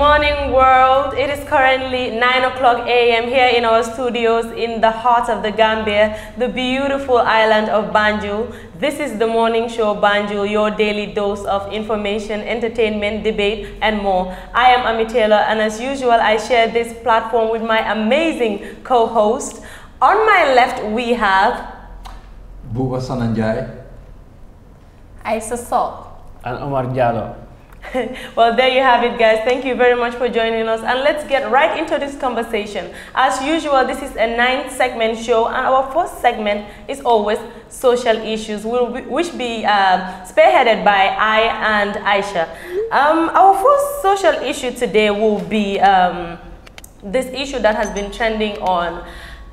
morning, world. It is currently 9 o'clock a.m. here in our studios in the heart of the Gambia, the beautiful island of Banjul. This is the morning show Banjul, your daily dose of information, entertainment, debate, and more. I am Ami Taylor, and as usual, I share this platform with my amazing co-host. On my left, we have... Buba Sananjay. Aisa Sok. And Omar Jallo. well, there you have it, guys. Thank you very much for joining us. And let's get right into this conversation. As usual, this is a nine segment show, and our first segment is always social issues, which be uh, spearheaded by I and Aisha. Um, our first social issue today will be um, this issue that has been trending on.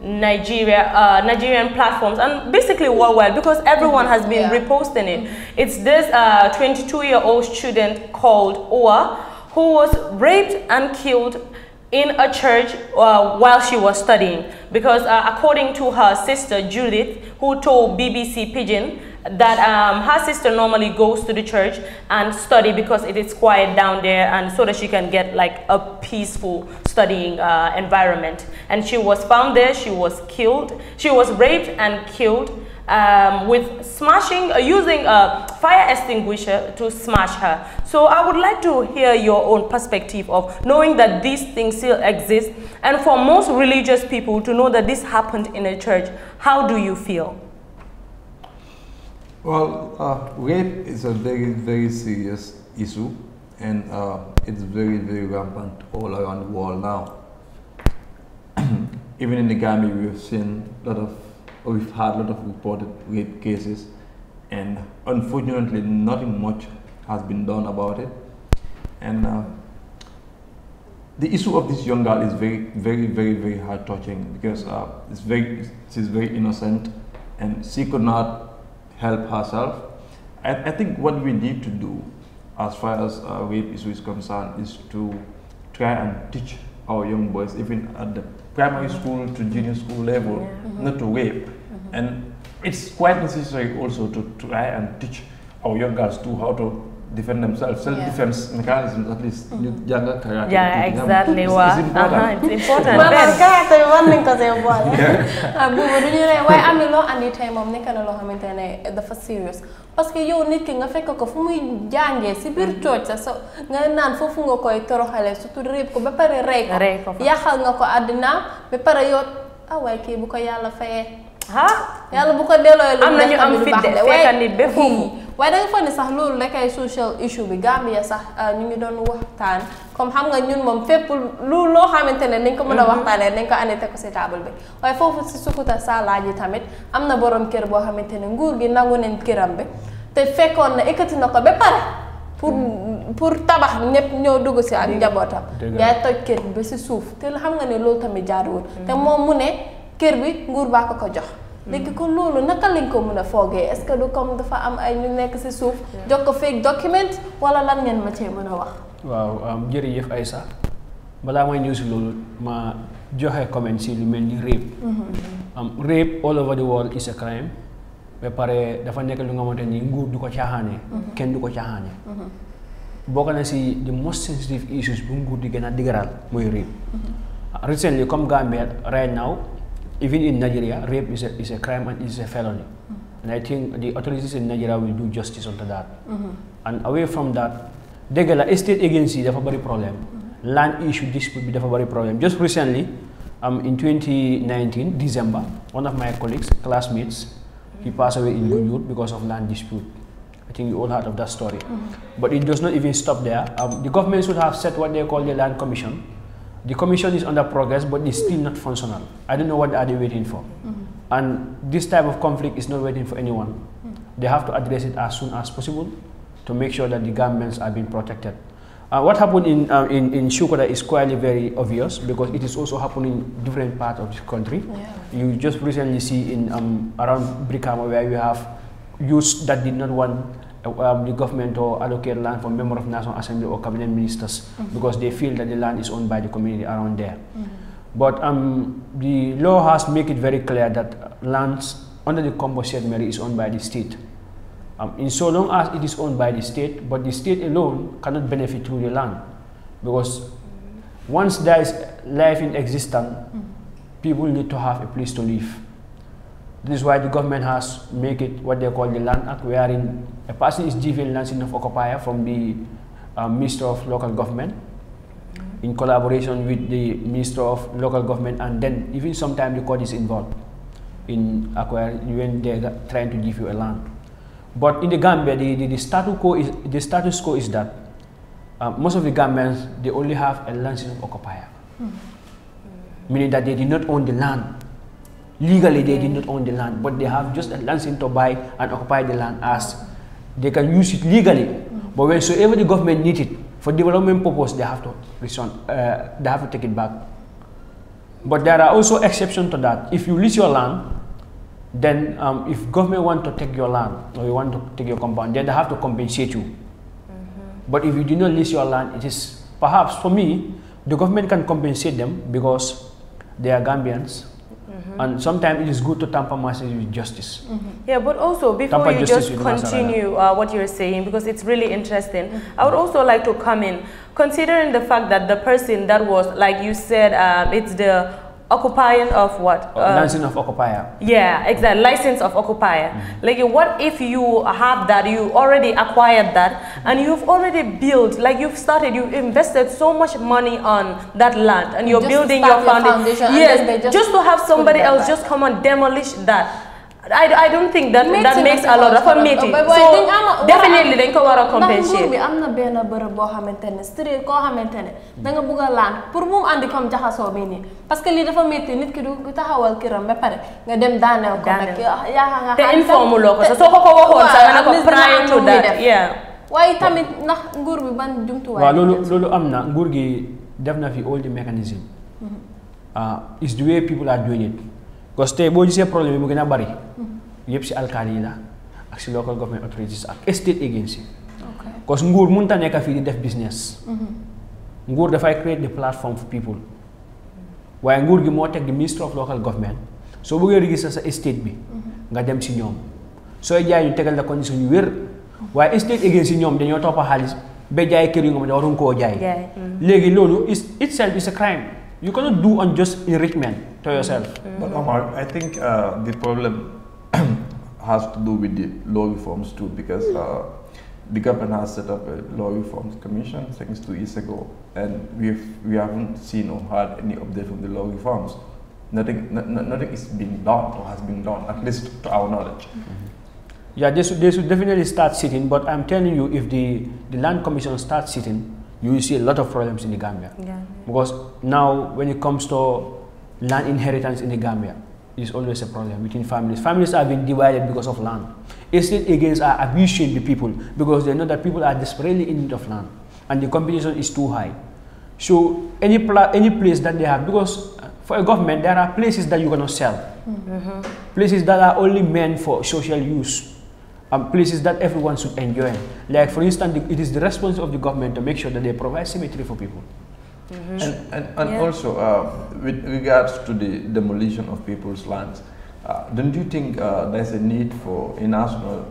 Nigeria, uh, Nigerian platforms and basically worldwide because everyone has been yeah. reposting it. It's this 22-year-old uh, student called Oa who was raped and killed in a church uh, while she was studying because uh, according to her sister Judith who told BBC Pigeon that um, her sister normally goes to the church and study because it is quiet down there and so that she can get like a peaceful studying uh, environment. And she was found there, she was killed, she was raped and killed um, with smashing, uh, using a fire extinguisher to smash her. So I would like to hear your own perspective of knowing that these things still exist and for most religious people to know that this happened in a church, how do you feel? Well, uh, rape is a very, very serious issue, and uh, it's very, very rampant all around the world now. Even in the Gambia, we've seen a lot of, or we've had a lot of reported rape cases, and unfortunately, nothing much has been done about it. And uh, the issue of this young girl is very, very, very, very heart touching because uh, it's very, she's very innocent, and she could not help herself. I, I think what we need to do as far as uh, rape issue is concerned is to try and teach our young boys, even at the primary school to junior school level, yeah. mm -hmm. not to rape. Mm -hmm. And it's quite necessary also to try and teach our young girls too how to defend themselves, self at least. Mm -hmm. Yeah, yeah exactly. Wow. Uh-huh, it's, important. Boobu du ñu waaye am na loo andi tey moom nekk na loo xamante ne dafa serious parce que yow nit ki nga fekk ko fu muy jàngee si biir cooj mm-hmm. sa so nga naan foofu nga koy toroxale surtout réeb ko ba pare rey ko. rey ko yàqal nga ko àddina ba pare yow ah waaye kii bu ko yàlla fayee. ah yàlla bu ko delloo. am na ñu am fit de fekk nit ba foofu waaye da fa ni sax loolu rek ay social issue bi Gambia sax ah, ñu ngi doon waxtaan comme xam nga ñun moom fépp lu loo xamante ne nañ ko mën a mhm. waxtaanee nañ ko andi teg ko si table bi waaye foofu si Sukuta Sallah ji tamit am na boroom kër boo xamante ne nguur gi nangu neen këram bi te fekkoon na ekkati na ko ba pare pour mhm. pour tabax ñëpp ñëw dugg si ak njabootam. yaay toj kër bi ba si suuf te xam nga ne loolu tamit jaaduwul. Mhm. mu ne. kër bi nguur baa ko ko jox léegi hmm. kon loolu naka lañ ko mën a foogee est-ce que du comme dafa am ay ñu nekk si suuf jox ko fake document wala lan ngeen ma cee mën a wax waaw jërëjëf Aïssa balaa may ñëw si loolu ma joxe comment si lu mel ni rape mm-hmm. rape all over the world is a crime ba pare dafa nekk lu nga xamante ni nguur du ko caaxaanee mm-hmm. kenn du ko caaxaanee mm-hmm. bokk na si the most sensitive issues bu nguur di gën digëral mooy rape recently comme Gambia right now even in Nigeria, rape is a, is a crime and is a felony. Mm -hmm. And I think the authorities in Nigeria will do justice onto that. Mm -hmm. And away from that, Degala estate agency, they have a very problem. Mm -hmm. Land issue dispute, they have a very problem. Just recently, um, in 2019, December, one of my colleagues, classmates, he passed away in Gunjur because of land dispute. I think you all heard of that story. Mm-hmm. But it does not even stop there. Um, the government should have set what they call the land commission the commission is under progress, but it's still not functional. I don't know what are they waiting for. Mm -hmm. And this type of conflict is not waiting for anyone. Mm -hmm. They have to address it as soon as possible to make sure that the governments are being protected. Uh, what happened in, um, in, in Shukoda is clearly very obvious because it is also happening in different parts of the country. Yeah. You just recently see in um, around Brikama where you have youths that did not want uh, um, the government or allocate land for member of national assembly or cabinet ministers mm -hmm. because they feel that the land is owned by the community around there. Mm -hmm. But um, the law has made it very clear that lands under the Combo Mary is owned by the state. Um, in so long as it is owned by the state, but the state alone cannot benefit through the land because mm-hmm. once there is life in existence, mm -hmm. people need to have a place to live. This is why the government has made it what they call the Land Act, wherein a person is given land of occupier from the uh, Minister of Local Government in collaboration with the Minister of Local Government and then even sometimes the court is involved in acquiring when they're trying to give you a land. But in the Gambia, the, the, the status, quo is, the status quo is that uh, most of the governments, they only have a land of occupier, mm. meaning that they did not own the land legally they did not own the land, but they have just a license to buy and occupy the land as they can use it legally. But whenever the government need it for development purpose, they have to return, uh, they have to take it back. But there are also exceptions to that. If you lease your land, then um, if government want to take your land or you want to take your compound, then they have to compensate you. Mm -hmm. But if you do not lease your land, it is perhaps for me, the government can compensate them because they are Gambians Mm-hmm. And sometimes it is good to tamper with justice. Mm-hmm. Yeah, but also before tamper you just continue uh, what you're saying, because it's really interesting, mm-hmm. I would also like to come in, considering the fact that the person that was, like you said, um, it's the occupying of what? Oh, license of occupier. Yeah, exactly. License of occupier. Mm -hmm. Like, what if you have that? You already acquired that, and you've already built. Like, you've started. You've invested so much money on that land, and you're just building your foundation. foundation yes, just, just, to have somebody else back. just come and demolish that I, I don't think that that makes a lot dafa métti. so definitely dañ ko war a compenser. ndax nguur bi am na benn bërëb boo xamante ne cest da nga bugg a laan pour mu andi comme jaxasoo bi nii parce que lii dafa métti nit ki du taxawal kiram ba pare nga dem daaneel ko nag. yaa nga xam te informe loo ko sax ko ko waxoon nga ko prior to that yeah. waaye tamit ndax nguur bi ban jumtuwaay. waaw loolu loolu am na nguur gi def na fi all the mechanism. Mhm. ah is the way people are doing it goste boji se problème mu gëna bari yépp ci alcali la ak ci local government authorities ak estate agency cause nguur mun ta nekk fii di def business mhm. nguur dafay create the platform for people waaye nguur gi moo teg di ministre of local government soo bëggee register sa estate bi mhm. nga dem si ñoom sooy jaay ñu tegal la condition yu wér waaye estate agency ñoom dañoo toppa xaalis ba jaay kër yu nga xam ne waruñ jaay mhm. léegi loolu itself is a crime You cannot do on just enrichment to yourself. But Omar, I think uh, the problem has to do with the law reforms too, because uh, the government has set up a law reforms commission since two years ago, and we've we haven't seen or had any update from the law reforms. Nothing, nothing is being done or has been done, at least to our knowledge. Mm -hmm. Yeah, they should, they should definitely start sitting, but I'm telling you, if the, the land commission starts sitting, you will see a lot of problems in the Gambia. Yeah. Because now, when it comes to land inheritance in the Gambia, it's always a problem within families. Families have been divided because of land. It's against our abusing the people because they know that people are desperately in need of land and the competition is too high. So any, any place that they have, because uh, for a government, there are places that you cannot sell. Mm -hmm. Places that are only meant for social use um, places that everyone should enjoy. Like for instance, it is the response of the government to make sure that they provide cemetery for people. Mm -hmm. And, and, and yeah. also, uh, with regards to the demolition of people's lands, uh, don't you think uh, there's a need for a national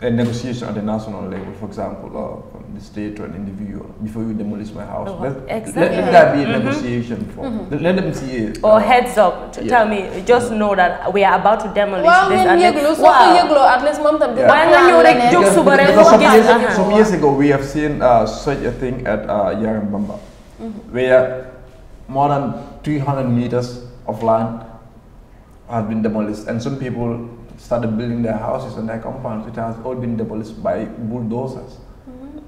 a negotiation at the national level, for example, or from the state to an individual, before you demolish my house. Oh, let, exactly. let, let, that be a mm -hmm. negotiation form. Mm -hmm. Let, them see it. Or uh, heads up, to yeah. tell me, just know that we are about to demolish well, this. And yeglo, wow. so at least mom yeah. Why not you like joke because, because some, years, uh -huh. some years ago, we have seen uh, such a thing at uh, Yarambamba, mm -hmm. where more than 300 meters of land have been demolished, and some people started building their houses and their compounds, which has all been demolished by bulldozers.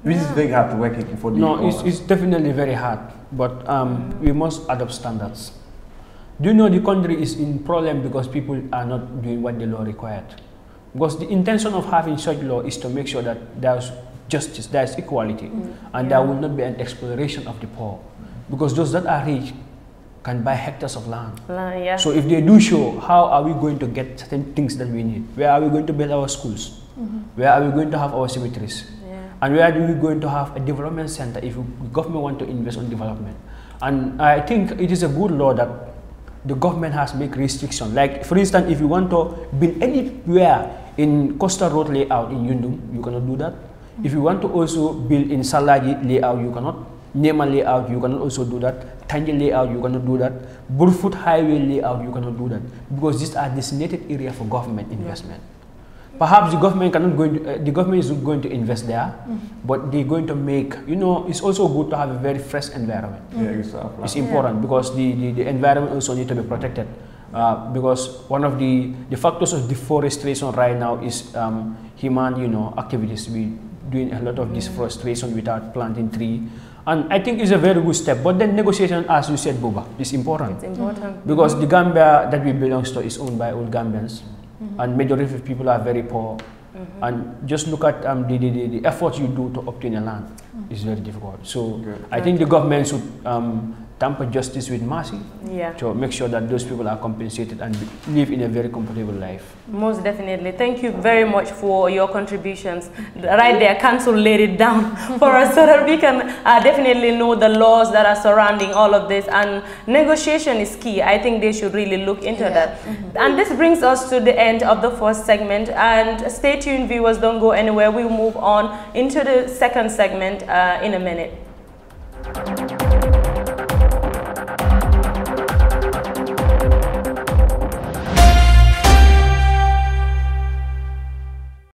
Which is very hard working for the. No, it's, it's, definitely very hard, but um, we must adopt standards. Do you know the country is in problem because people are not doing what the law required? Because the intention of having such law is to make sure that there's justice, there's equality, mm. and yeah. there will not be an exploitation of the poor. Because those that are rich can buy hectares of land. land yeah. So if they do show, how are we going to get certain things that we need? Where are we going to build our schools? Mm -hmm. Where are we going to have our cemeteries? Yeah. And where are we going to have a development center if the government want to invest on development? And I think it is a good law that the government has made restriction. Like for instance, if you want to build anywhere in Coastal Road layout in Yundum, you cannot do that. Mm -hmm. If you want to also build in Salagi layout, you cannot. Nema layout, you can also do that. Tangi layout, you cannot do that. Burfoot Highway layout, you cannot do that. Because these are designated area for government investment. Yeah. Perhaps the government cannot going to, uh, the government is going to invest there, mm -hmm. but they're going to make, you know, it's also good to have a very fresh environment. Mm -hmm. Yeah, exactly. It's important yeah. because the, the, the environment also need to be protected. Uh, because one of the, the factors of deforestation right now is um, human you know activities we doing a lot of deforestation without planting tree and I think it's a very good step. But then negotiation, as you said, Boba, is important. It's important. Mm -hmm. Because the Gambia that we belong to is owned by all Gambians. Mm -hmm. And majority of people are very poor. Mm -hmm. And just look at um, the, the, the effort you do to obtain a land mm-hmm. is very difficult. So I think the government should um, tamper justice with mercy yeah. to make sure that those people are compensated and live in a very comfortable life. Most definitely. Thank you very much for your contributions. Right there, Council laid it down for us so that we can uh, definitely know the laws that are surrounding all of this. And negotiation is key. I think they should really look into yeah. that. Mm -hmm. And this brings us to the end of the first segment. And stay tuned, viewers. Don't go anywhere. We'll move on into the second segment uh, in a minute.